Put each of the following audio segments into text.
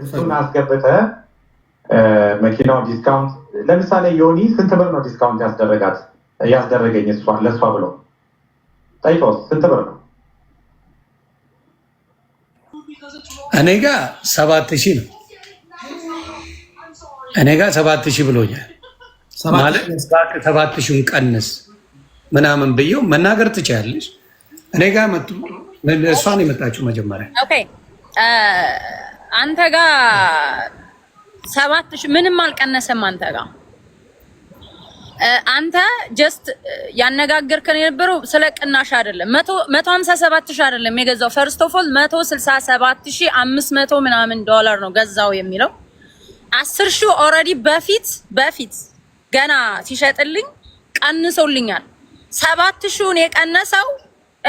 እሱን አስገብተ መኪናው ዲስካውንት ለምሳሌ ዮኒ ስንት ብር ነው ዲስካውንት ያስደረጋት ያስደረገኝ እሷ ለእሷ ብሎ ጠይቀውስ ስንት ብር ነው? እኔ ጋ ሰባት ሺህ ነው። እኔ ጋ ሰባት ሺህ ብሎኛል። ማለት ሰባት ሺህን ቀንስ ምናምን ብየው መናገር ትችያለሽ። እኔ ጋ እሷን የመጣችው መጀመሪያ አንተ ጋር ሰባት ሺህ ምንም አልቀነሰም። አንተ ጋር አንተ ጀስት ያነጋገርከን የነበረው ስለ ቅናሽ አይደለም። 157 ሺህ አይደለም የገዛው ፈርስት ኦፍ ኦል 167 ሺህ 500 ምናምን ዶላር ነው ገዛው የሚለው 10 ሺህ ኦልሬዲ በፊት በፊት ገና ሲሸጥልኝ ቀንሰውልኛል። ሰባት ሺውን የቀነሰው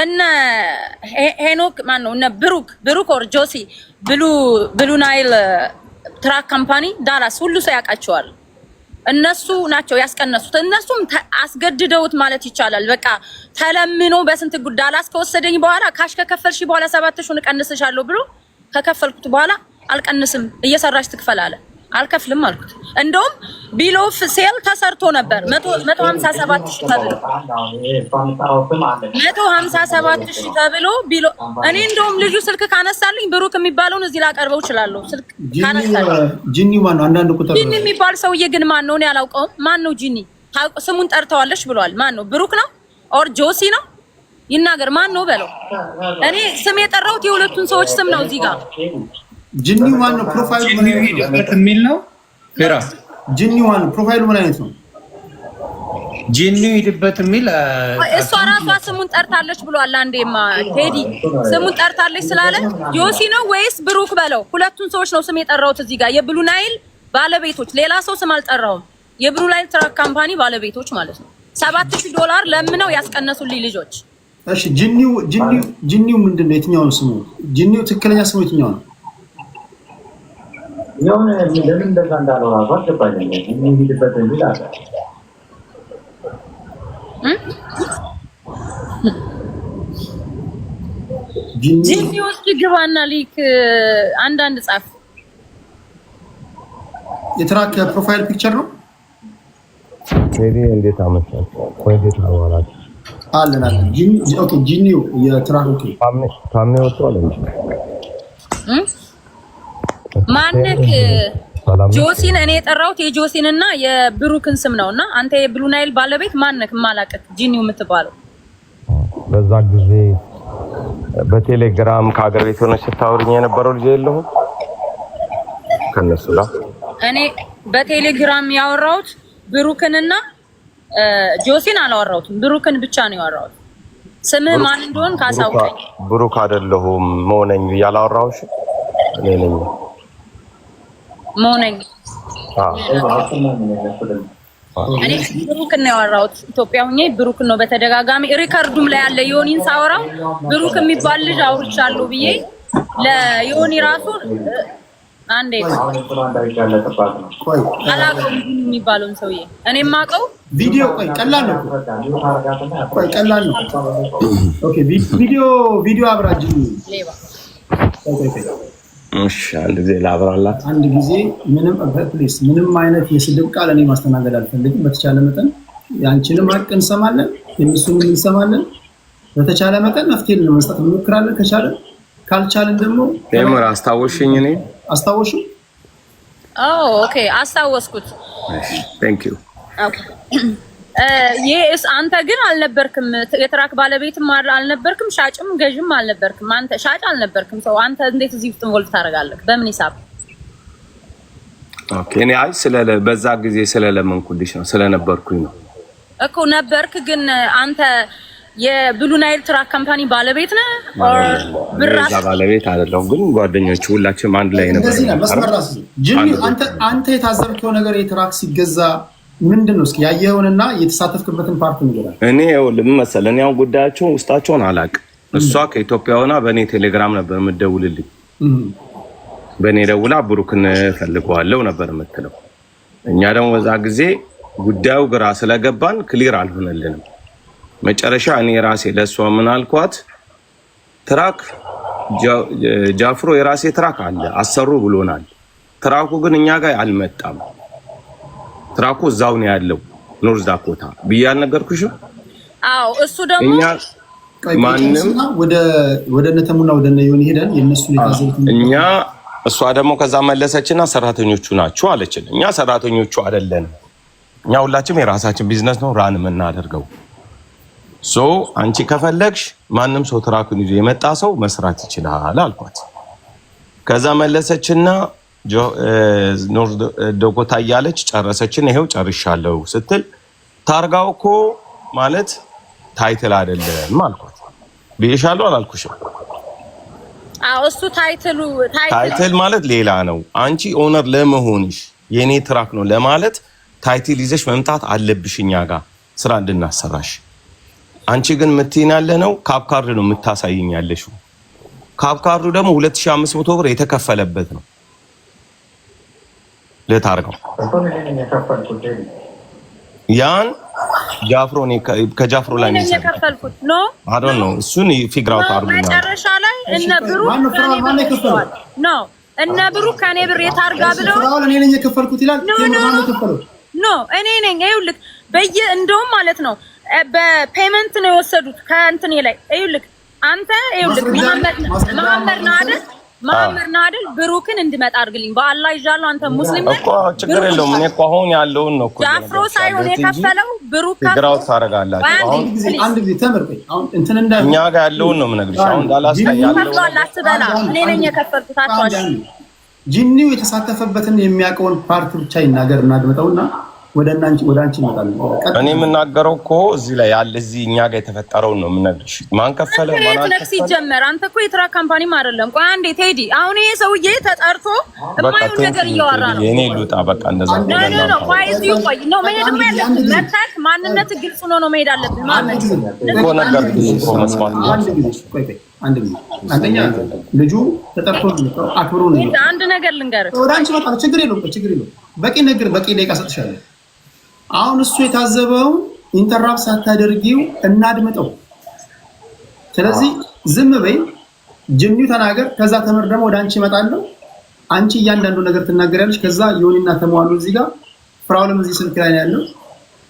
እነ ሄኖክ ማን ነው? እነ ብሩክ ብሩክ ኦር ጆሲ ብሉ ብሉ ናይል ትራክ ካምፓኒ ዳላስ ሁሉ ሰው ያውቃቸዋል። እነሱ ናቸው ያስቀነሱት። እነሱም አስገድደውት ማለት ይቻላል። በቃ ተለምኖ በስንት ጉድ ዳላስ ከወሰደኝ በኋላ ካሽ ከከፈልሽ በኋላ ሰባት ሺህ እቀንስሻለሁ ብሎ ከከፈልኩት በኋላ አልቀንስም እየሰራሽ ትክፈል አለ። አልከፍልም አልኩት። እንደውም ቢል ኦፍ ሴል ተሰርቶ ነበር 157 ሺህ ተብሎ 157 ሺህ ተብሎ ቢል እኔ እንደውም ልጁ ስልክ ካነሳልኝ ብሩክ የሚባለውን እዚህ ላቀርበው እችላለሁ። ስልክ ካነሳልኝ ጂኒ ማን ነው? አንዳንድ ቁጥር ጂኒ የሚባል ሰውዬ ግን ማን ነው? እኔ አላውቀውም። ማን ነው ጂኒ? ስሙን ጠርተዋለች ብሏል። ማን ነው? ብሩክ ነው ኦር ጆሲ ነው? ይናገር። ማን ነው በለው። እኔ ስም የጠራሁት የሁለቱን ሰዎች ስም ነው እዚህ ጋር ጂኒ ዋን ነው። ፕሮፋይሉ ምን አይነት የሚል ነው? ራ ጂኒ ዋን ፕሮፋይሉ ምን አይነት ነው? ጂኒ ሂድበት የሚል እሷ ራሷ ስሙን ጠርታለች ብሏል። አንዴማ ቴዲ ስሙን ጠርታለች ስላለ ዮሲ ነው ወይስ ብሩክ በለው። ሁለቱን ሰዎች ነው ስም የጠራሁት እዚህ ጋር የብሉ ናይል ባለቤቶች፣ ሌላ ሰው ስም አልጠራውም። የብሉ ናይል ትራክ ካምፓኒ ባለቤቶች ማለት ነው። ሰባት ሺህ ዶላር ለምነው ያስቀነሱልኝ ልጆች። እሺ ጂኒው ጂኒው ጂኒው ምንድን ነው? የትኛው ስሙ ጂኒው? ትክክለኛ ስሙ የትኛው ነው? የሆነ ለምን እንደዛ እንዳለው አልገባኝም። የሚሄድበት ሚል አለ ጂኒ ውስጥ ግባና ሊክ አንዳንድ ጻፍ የትራክ ፕሮፋይል ፒክቸር ነው። ቢ እንዴት አለን ጂኒ የትራክ ታሜ ወጥቷል ማነክ ጆሲን እኔ የጠራሁት የጆሲን እና የብሩክን ስም ነው። እና አንተ የብሉ ናይል ባለቤት ማነክ? ማላቀት ጂኒው የምትባለው በዛ ጊዜ በቴሌግራም ከሀገር ቤት ሆነች ስታወሪኝ የነበረው ልጅ የለሁም ከነሱ ጋር እኔ በቴሌግራም ያወራሁት ብሩክንና ጆሲን አላወራሁትም። ብሩክን ብቻ ነው ያወራሁት። ስምህ ማን እንደሆን ካሳውቀኝ። ብሩክ አይደለሁም መሆነኝ ብዬ እኔ ነኝ። መሆነኝ እኔ ብሩክ ነው ያወራሁት። ኢትዮጵያ ሁኜ ብሩክ ነው በተደጋጋሚ ሪከርዱም ላይ ያለ ዮኒን ሳወራው ብሩክ የሚባል ልጅ አውርቻለሁ ብዬ ለዮኒ ራሱ አንዴ አላውቀውም የሚባለውን ሰውዬ እኔ የማውቀው ቪዲዮ ቆይ ቀላል ነው ቆይ ቀላል ነው ኦኬ ቪዲዮ ቪዲዮ አብራጅ ሌባ አንድ ጊዜ ላብራላት። አንድ ጊዜ ምንም ፕሊስ፣ ምንም አይነት የስድብ ቃል እኔ ማስተናገድ አልፈልግም። በተቻለ መጠን የአንቺንም ሀቅ እንሰማለን፣ የእነሱንም እንሰማለን። በተቻለ መጠን መፍትሄ ለመስጠት እንሞክራለን። ከቻለ ካልቻለን ደግሞ ምር አስታወሽኝ፣ እኔ አስታወሹ። ኦኬ፣ አስታወስኩት። ቴንክ ዩ ይሄስ አንተ ግን አልነበርክም። የትራክ ባለቤትም አልነበርክም፣ ሻጭም ገዥም አልነበርክም። አንተ ሻጭ አልነበርክም። ሰው አንተ እንዴት እዚህ ውስጥ ኢንቮልቭ ታደርጋለህ? በምን ሂሳብ? ኦኬ እኔ አይ ስለ በዛ ጊዜ ስለለመንኩልሽ ነው ስለነበርኩኝ ነው እኮ ነበርክ። ግን አንተ የብሉ ናይል ትራክ ካምፓኒ ባለቤት ነህ? ብራስ ባለቤት አይደለሁም፣ ግን ጓደኞች ሁላችንም አንድ ላይ ነበር። መስመር ራስ ጅሚ አንተ አንተ የታዘብከው ነገር የትራክ ሲገዛ ምንድን ነው እስኪ ያየኸውንና የተሳተፍክበትን ፓርት ንገራል። እኔ ይኸውልህ ምን እኔ ጉዳያቸውን ውስጣቸውን አላውቅም። እሷ ከኢትዮጵያ ሆና በእኔ ቴሌግራም ነበር የምትደውልልኝ። በእኔ ደውላ ብሩክን ፈልገዋለሁ ነበር የምትለው። እኛ ደግሞ በዛ ጊዜ ጉዳዩ ግራ ስለገባን ክሊር አልሆነልንም። መጨረሻ እኔ ራሴ ለእሷ ምን አልኳት፣ ትራክ ጃፍሮ የራሴ ትራክ አለ አሰሩ ብሎናል። ትራኩ ግን እኛ ጋር አልመጣም ስራኮ እዛው ነው ያለው ኖርዝ ዳኮታ ብዬ አልነገርኩሽም? አዎ እሱ ደግሞ ማንም ወደ ነተሙና ወደ ነዮን ሄደን የነሱ እኛ እሷ ደግሞ ከዛ መለሰችና ሰራተኞቹ ናችሁ አለችን። እኛ ሰራተኞቹ አይደለን፣ እኛ ሁላችንም የራሳችን ቢዝነስ ነው ራን የምናደርገው። ሶ አንቺ ከፈለግሽ ማንም ሰው ትራኩን ይዞ የመጣ ሰው መስራት ይችላል አልኳት። ከዛ መለሰችና ኖር ዶኮታ እያለች ጨረሰችን። ይሄው ጨርሻለሁ ስትል ታርጋው እኮ ማለት ታይትል አይደለም አልኳት። ብዬሻለሁ አላልኩሽም? እሱ ታይትል ማለት ሌላ ነው። አንቺ ኦነር ለመሆንሽ የእኔ ትራክ ነው ለማለት ታይትል ይዘሽ መምጣት አለብሽ እኛ ጋር ስራ እንድናሰራሽ። አንቺ ግን የምትይን ያለ ነው ካብካርድ ነው የምታሳይኝ ያለሽው። ካብካርዱ ደግሞ 2500 ብር የተከፈለበት ነው ልታርገው ያን ጃፍሮ ከጃፍሮ ላይ የከፈልኩት ኖ አዶን ነው። እሱን ፊግር አውት መጨረሻ ላይ እነ ብሩ ኖ እነ ብሩ ከኔ ብር የታርጋ ብለው እኔ ነኝ የከፈልኩት ይላል። ኖ እኔ ነኝ ይኸውልህ፣ በየ እንደውም ማለት ነው በፔመንት ነው የወሰዱት ከእንትኔ ላይ ይኸውልህ፣ አንተ ይኸውልህ መሀመድ ነው መሀመድ ነው አይደል ማምር ነው አይደል? ብሩክን እንድመጣ አድርግልኝ በአላህ ይዣለሁ። አንተ ሙስሊም ነህ እኮ ችግር የለውም። እኔ እኮ አሁን ያለውን ነው እኮ አፍሮ ሳይሆን የከፈለው ብሩክ ግራው ታደርጋላችሁ። እኛ ጋር ያለውን ነው የምነግርሽ። አሁን ዳላስታ ያለውን አላስበላ እኔ ነኝ የከፈልኩት። አቷሽ ጂኒው የተሳተፈበትን የሚያውቀውን ፓርት ብቻ ይናገር እናድምጠውና ወደ አንቺ እመጣለሁ። እኔ የምናገረው እኮ እዚህ ላይ ያለ እዚህ እኛ ጋር የተፈጠረውን ነው የምነግርሽ። ማን ከፈለ ማናለክ ሲጀመር አንተ እኮ የትራ ካምፓኒም አይደለም። ቆይ አንዴ ቴዲ፣ አሁን ይሄ ሰውዬ ተጠርቶ የማይሆን ነገር እያወራ ነው። እኔ ልውጣ በቃ። እንደዛ ነው። ነው ነው። ቆይ እዚሁ ቆይ ነው መሄድ ያለብን። መተክ ማንነት ግልጽ ሆኖ ነው መሄድ አለብን። ማንነት እኮ ነገር እኮ መስማት አንደኛ ልጁ ተጠርቶ አክብሮ ነው። አንድ ነገር ልንገርህ፣ ወደ አንቺ እመጣለሁ። ችግር የለውም፣ ችግር የለውም። በቂ ነገር በቂ ደቂቃ ሰጥሻለሁ አሁን እሱ የታዘበውን ኢንተራፕ ሳታደርጊው እናድምጠው። ስለዚህ ዝም በይ፣ ጅኒው ተናገር። ከዛ ተምር ደግሞ ወደ አንቺ እመጣለሁ። አንቺ እያንዳንዱ ነገር ትናገሪያለሽ። ከዛ ዮኒና ተሟሉ እዚህ ጋር ፍራውልም እዚህ ስልክ ላይ ያለው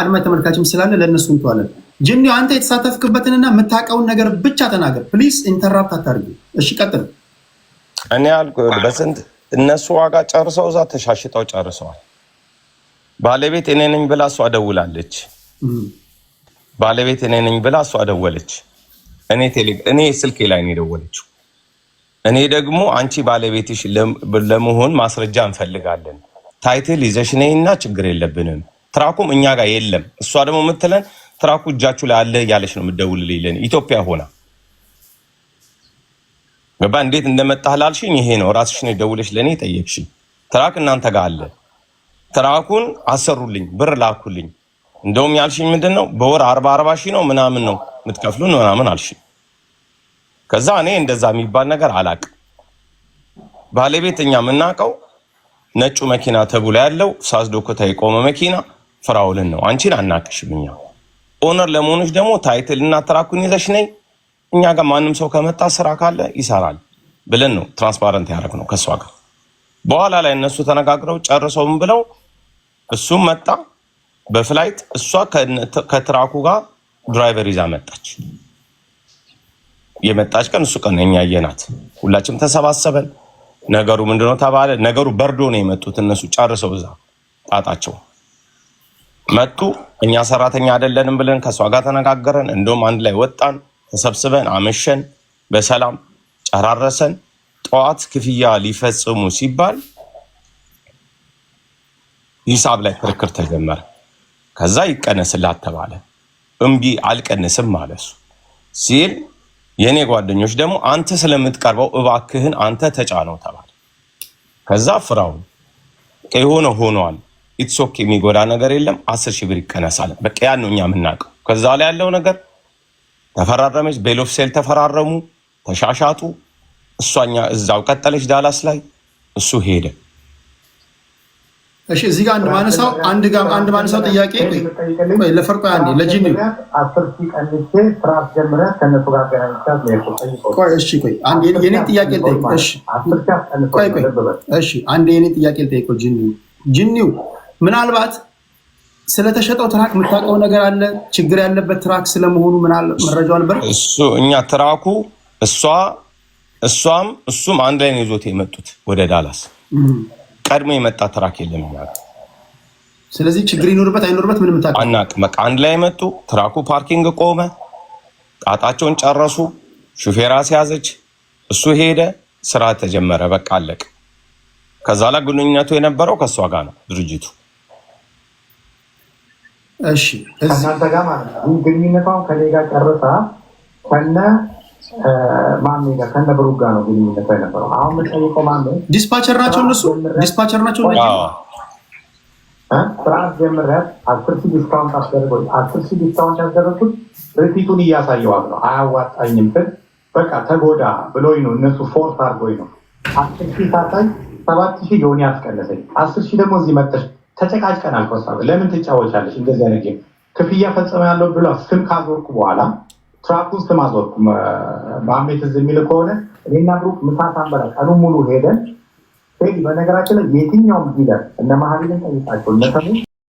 አድማ ተመልካችም ስላለ ለእነሱ እንተዋለን። ጅኒ አንተ የተሳተፍክበትንና የምታውቀውን ነገር ብቻ ተናገር ፕሊስ ኢንተራፕት አታርጊ። እሺ ቀጥል። እኔ አልኩህ በስንት እነሱ ዋጋ ጨርሰው እዛ ተሻሽጠው ጨርሰዋል። ባለቤት እኔ ነኝ ብላ እሷ ደውላለች። ባለቤት እኔ ነኝ ብላ እሷ ደወለች። እኔ ስልኬ ላይ ነው የደወለችው። እኔ ደግሞ አንቺ ባለቤትሽ ለመሆን ማስረጃ እንፈልጋለን፣ ታይትል ይዘሽ ነይ እና ችግር የለብንም ትራኩም እኛ ጋር የለም። እሷ ደግሞ የምትለን ትራኩ እጃችሁ ላይ አለ እያለች ነው የምትደውልልኝ። ኢትዮጵያ ሆና ገባ። እንዴት እንደመጣህ ላልሽኝ ይሄ ነው። ነው ደውለሽ ለእኔ ጠየቅሽኝ። ትራክ እናንተ ጋር አለ ትራኩን አሰሩልኝ፣ ብር ላኩልኝ። እንደውም ያልሽኝ ምንድን ነው በወር አርባ አርባ ሺህ ነው ምናምን ነው የምትከፍሉን ምናምን አልሽኝ። ከዛ እኔ እንደዛ የሚባል ነገር አላቅ ባለቤት እኛ የምናውቀው ነጩ መኪና ተብሎ ያለው ሳዝዶኮታ የቆመ መኪና ፍራውልን ነው። አንቺን አናቅሽም። እኛ ኦነር ለመሆኖች ደግሞ ታይትል እና ትራኩን ይዘሽ ነይ፣ እኛ ጋር ማንም ሰው ከመጣ ስራ ካለ ይሰራል ብለን ነው ትራንስፓረንት ያደረግ ነው ከእሷ ጋር። በኋላ ላይ እነሱ ተነጋግረው ጨርሰውም ብለው እሱም መጣ በፍላይት እሷ ከትራኩ ጋር ድራይቨር ይዛ መጣች። የመጣች ቀን እሱ ቀን እኛ የናት ሁላችንም ተሰባሰበን። ነገሩ ምንድነው ተባለ። ነገሩ በርዶ ነው የመጡት እነሱ ጨርሰው እዛ ጣጣቸው መጡ። እኛ ሰራተኛ አይደለንም ብለን ከእሷ ጋር ተነጋገረን። እንደውም አንድ ላይ ወጣን፣ ተሰብስበን አመሸን፣ በሰላም ጨራረሰን። ጠዋት ክፍያ ሊፈጽሙ ሲባል ሂሳብ ላይ ክርክር ተጀመረ። ከዛ ይቀነስላት ተባለ። እምቢ አልቀንስም ማለሱ ሲል የእኔ ጓደኞች ደግሞ አንተ ስለምትቀርበው እባክህን አንተ ተጫነው ተባለ። ከዛ ፍራውን የሆነ ሆኗል። ኢትሶክ የሚጎዳ ነገር የለም። አስር ሺህ ብር ይቀነሳል። በቃ ያን ነው እኛ የምናውቀው። ከዛ ላይ ያለው ነገር ተፈራረመች። ቤሎፍሴል ተፈራረሙ፣ ተሻሻጡ። እሷኛ እዛው ቀጠለች ዳላስ ላይ፣ እሱ ሄደ። እሺ እዚህ ጋር አንድ ማነሳው አንድ ጋር አንድ ማነሳው ጥያቄ ለፈርቆ ያን ለጂኒ ቆይ እሺ ጂኒው ምናልባት ስለተሸጠው ትራክ የምታውቀው ነገር አለ? ችግር ያለበት ትራክ ስለመሆኑ ምናል መረጃው ነበር? እሱ እኛ ትራኩ እሷ እሷም እሱም አንድ ላይ ነው ይዞት የመጡት ወደ ዳላስ ቀድሞ የመጣ ትራክ የለም። ማለት ስለዚህ ችግር ይኖርበት አይኖርበት ምንም አናውቅም። በቃ አንድ ላይ መጡ። ትራኩ ፓርኪንግ ቆመ። ጣጣቸውን ጨረሱ። ሹፌራ አስያዘች። እሱ ሄደ። ስራ ተጀመረ። በቃ አለቅ። ከዛ ላይ ግንኙነቱ የነበረው ከእሷ ጋር ነው ድርጅቱ። እሺ፣ እናንተ ጋር ማለት ነው ግንኙነቷን ከኔ ጋር ጨርሳ ከነ ማሜ ጋር ከነ ብሩክ ጋር ነው ግንኙነት ላይ ነበረው። አሁን የምጠይቀው ማሜ ዲስፓቸር ናቸው እነሱ ዲስፓቸር ናቸው። ስርዓት ጀምረት አስር ሺህ ዲስካውንት አስደረገ። አስር ሺህ ዲስካውንት ያስደረጉት ሪፊቱን እያሳየዋል ነው። አያዋጣኝም ስል በቃ ተጎዳ ብሎኝ ነው እነሱ ፎርስ አድርጎኝ ነው። አስር ሺህ ሳታይ ሰባት ሺህ የሆነ ያስቀነሰኝ አስር ሺህ ደግሞ እዚህ መጠሽ ተጨቃጭቀን አልኮሳ ለምን ትጫወቻለች እንደዚህ አይነት ክፍያ ፈጽመ ያለው ብሏ ስም ካዞርኩ በኋላ ትራኩን ውስጥ ማዞርኩም በአሜት ዝ የሚል ከሆነ እኔና ብሩክ ምሳ ሳንበላ ቀኑ ሙሉ ሄደን በነገራችን ላይ የትኛውም ጊደር እነ መሀሪን ጠይቃቸው እነተሙ